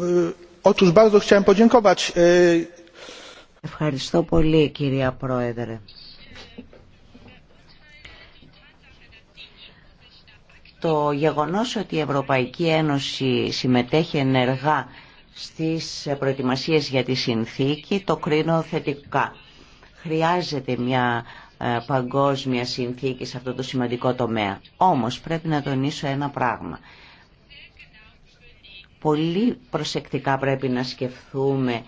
A: Ε, e, Ευχαριστώ πολύ κυρία Πρόεδρε. Το γεγονός ότι η Ευρωπαϊκή Ένωση συμμετέχει ενεργά στις προετοιμασίες για τη συνθήκη το κρίνω θετικά. Χρειάζεται μια ε, παγκόσμια συνθήκη σε αυτό το σημαντικό τομέα. Όμως πρέπει να τονίσω ένα πράγμα. Πολύ προσεκτικά πρέπει να σκεφτούμε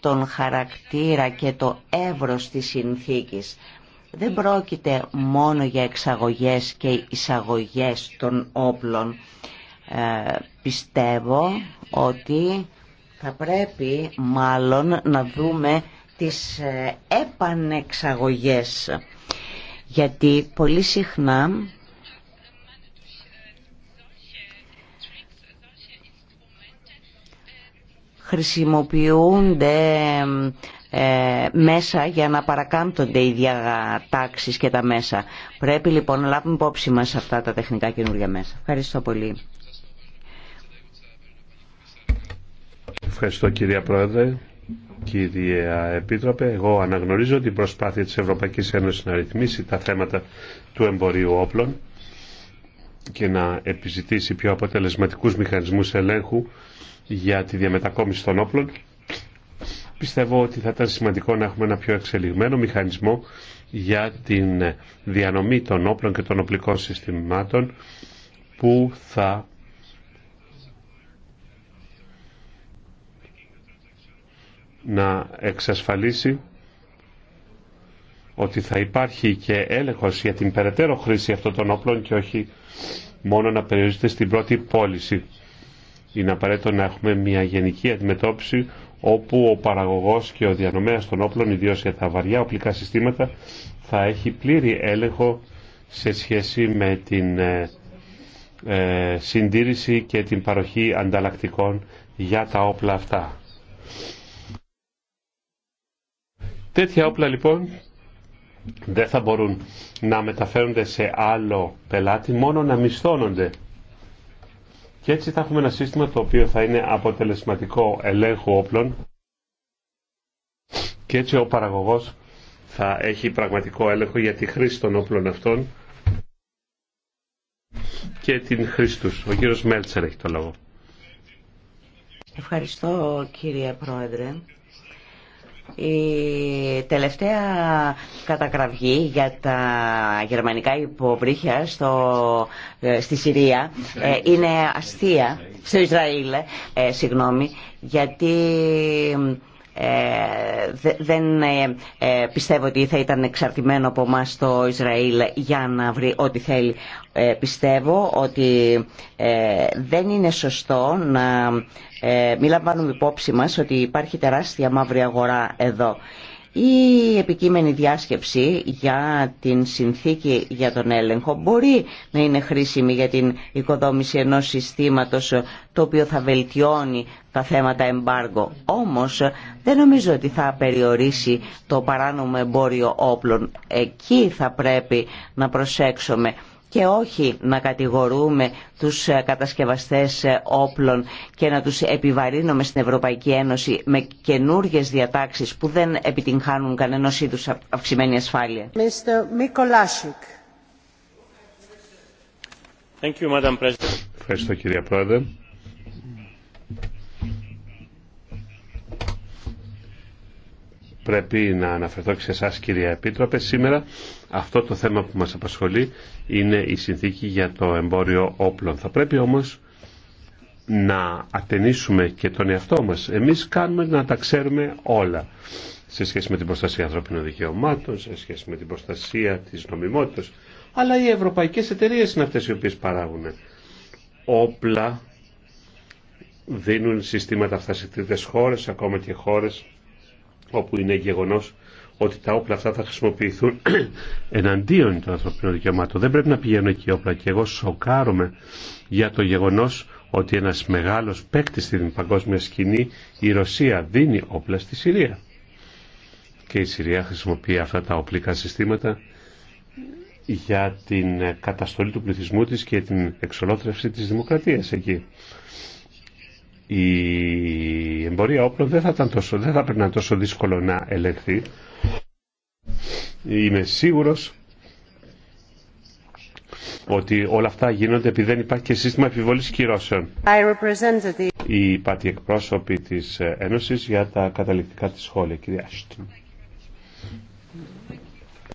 A: τον χαρακτήρα και το εύρος της συνθήκης. Δεν πρόκειται μόνο για εξαγωγές και εισαγωγές των όπλων. Ε, πιστεύω ότι θα πρέπει μάλλον να δούμε τις ε, επανεξαγωγές γιατί πολύ συχνά χρησιμοποιούνται ε, μέσα για να παρακάμπτονται οι διατάξεις και τα μέσα. Πρέπει λοιπόν να λάβουμε υπόψη μας αυτά τα τεχνικά καινούργια μέσα. Ευχαριστώ πολύ.
C: Ευχαριστώ κυρία Πρόεδρε. Κύριε Επίτροπε, εγώ αναγνωρίζω την προσπάθεια της Ευρωπαϊκής Ένωσης να ρυθμίσει τα θέματα του εμπορίου όπλων και να επιζητήσει πιο αποτελεσματικούς μηχανισμούς ελέγχου για τη διαμετακόμιση των όπλων. Πιστεύω ότι θα ήταν σημαντικό να έχουμε ένα πιο εξελιγμένο μηχανισμό για την διανομή των όπλων και των οπλικών συστημάτων που θα να εξασφαλίσει ότι θα υπάρχει και έλεγχος για την περαιτέρω χρήση αυτών των όπλων και όχι μόνο να περιορίζεται στην πρώτη πώληση. Είναι απαραίτητο να έχουμε μια γενική αντιμετώπιση όπου ο παραγωγός και ο διανομέας των όπλων, ιδίως για τα βαριά οπλικά συστήματα, θα έχει πλήρη έλεγχο σε σχέση με την ε, ε, συντήρηση και την παροχή ανταλλακτικών για τα όπλα αυτά. Τέτοια όπλα λοιπόν δεν θα μπορούν να μεταφέρονται σε άλλο πελάτη, μόνο να μισθώνονται. Και έτσι θα έχουμε ένα σύστημα το οποίο θα είναι αποτελεσματικό ελέγχου όπλων και έτσι ο παραγωγός θα έχει πραγματικό έλεγχο για τη χρήση των όπλων αυτών και την χρήση τους. Ο κύριος Μέλτσερ έχει το λόγο.
A: Ευχαριστώ κύριε Πρόεδρε. Η τελευταία κατακραυγή για τα γερμανικά υποβρύχια στο, ε, στη Συρία ε, είναι αστεία, στο Ισραήλ, ε, συγγνώμη, γιατί ε, δεν πιστεύω ότι θα ήταν εξαρτημένο από εμά το Ισραήλ για να βρει ό,τι θέλει. Πιστεύω ότι δεν είναι σωστό να ε, μην λαμβάνουμε υπόψη μας ότι υπάρχει τεράστια μαύρη αγορά εδώ. Η επικείμενη διάσκεψη για την συνθήκη για τον έλεγχο μπορεί να είναι χρήσιμη για την οικοδόμηση ενός συστήματος το οποίο θα βελτιώνει τα θέματα εμπάργκο. Όμως δεν νομίζω ότι θα περιορίσει το παράνομο εμπόριο όπλων. Εκεί θα πρέπει να προσέξουμε και όχι να κατηγορούμε τους ε, κατασκευαστές ε, όπλων και να τους επιβαρύνουμε στην Ευρωπαϊκή Ένωση με καινούριε διατάξεις που δεν επιτυγχάνουν κανένας είδους αυξημένη ασφάλεια.
C: κυρία πρέπει να αναφερθώ και σε εσά κυρία Επίτροπε. Σήμερα αυτό το θέμα που μας απασχολεί είναι η συνθήκη για το εμπόριο όπλων. Θα πρέπει όμως να ατενίσουμε και τον εαυτό μας. Εμείς κάνουμε να τα ξέρουμε όλα σε σχέση με την προστασία ανθρώπινων δικαιωμάτων, σε σχέση με την προστασία της νομιμότητας. Αλλά οι ευρωπαϊκές εταιρείες είναι αυτές οι οποίες παράγουν όπλα, δίνουν συστήματα αυτά σε τρίτες χώρες, ακόμα και χώρες όπου είναι γεγονός ότι τα όπλα αυτά θα χρησιμοποιηθούν εναντίον των ανθρωπίνων δικαιωμάτων. Δεν πρέπει να πηγαίνουν εκεί όπλα. Και εγώ σοκάρομαι για το γεγονός ότι ένας μεγάλος παίκτη στην παγκόσμια σκηνή, η Ρωσία, δίνει όπλα στη Συρία. Και η Συρία χρησιμοποιεί αυτά τα οπλικά συστήματα για την καταστολή του πληθυσμού της και την εξολόθρευση της δημοκρατίας εκεί η εμπορία όπλων δεν θα, ήταν τόσο, δεν θα πρέπει να τόσο δύσκολο να ελεγχθεί. Είμαι σίγουρος ότι όλα αυτά γίνονται επειδή δεν υπάρχει και σύστημα επιβολής κυρώσεων. Οι Η πάτη εκπρόσωποι της Ένωσης για τα καταληκτικά της σχόλια, κυρία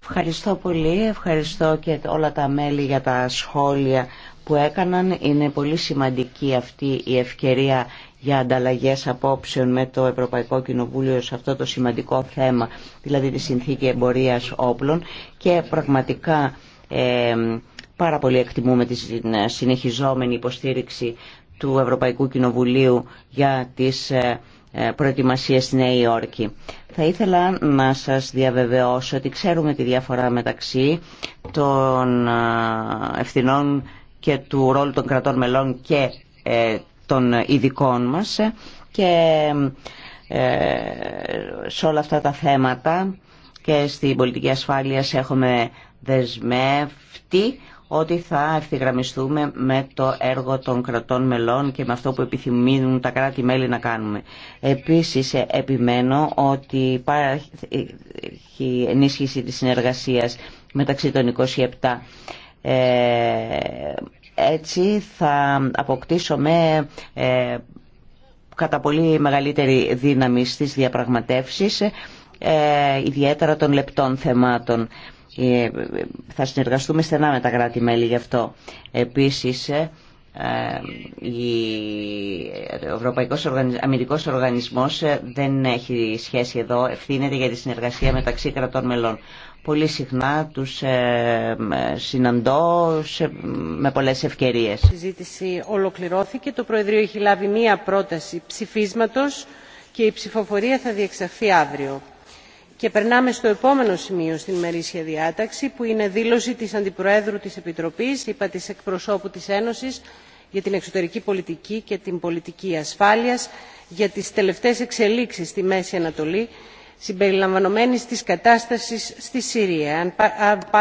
A: Ευχαριστώ πολύ, ευχαριστώ και όλα τα μέλη για τα σχόλια που έκαναν. Είναι πολύ σημαντική αυτή η ευκαιρία για ανταλλαγές απόψεων με το Ευρωπαϊκό Κοινοβούλιο σε αυτό το σημαντικό θέμα, δηλαδή τη συνθήκη εμπορίας όπλων και πραγματικά ε, πάρα πολύ εκτιμούμε τη συνεχιζόμενη υποστήριξη του Ευρωπαϊκού Κοινοβουλίου για τις ε, ε, προετοιμασίες στη Νέα Υόρκη. Θα ήθελα να σας διαβεβαιώσω ότι ξέρουμε τη διαφορά μεταξύ των ε, ευθυνών και του ρόλου των κρατών μελών και των ειδικών μας και ε, σε όλα αυτά τα θέματα και στην πολιτική ασφάλεια έχουμε δεσμεύτη ότι θα ευθυγραμμιστούμε με το έργο των κρατών μελών και με αυτό που επιθυμούν τα κράτη-μέλη να κάνουμε. Επίσης ε, επιμένω ότι υπάρχει ενίσχυση της συνεργασίας μεταξύ των 27 έτσι θα αποκτήσουμε ε, κατά πολύ μεγαλύτερη δύναμη στις διαπραγματεύσεις, ε, ιδιαίτερα των λεπτών θεμάτων. Ε, θα συνεργαστούμε στενά με τα κράτη-μέλη γι' αυτό. Επίσης, ο Ευρωπαϊκός Αμυντικός Οργανισμός δεν έχει σχέση εδώ, ευθύνεται για τη συνεργασία μεταξύ κρατών μελών. Πολύ συχνά τους ε, συναντώ με πολλές ευκαιρίες. Η
B: συζήτηση ολοκληρώθηκε. Το Προεδρείο έχει λάβει μία πρόταση ψηφίσματος και η ψηφοφορία θα διεξαχθεί αύριο. Και περνάμε στο επόμενο σημείο στην ημερήσια διάταξη που είναι δήλωση της Αντιπροέδρου της Επιτροπής, είπα της εκπροσώπου της Ένωσης για την εξωτερική πολιτική και την πολιτική ασφάλειας για τις τελευταίες εξελίξεις στη Μέση Ανατολή συμπεριλαμβανομένης της κατάστασης στη συρία.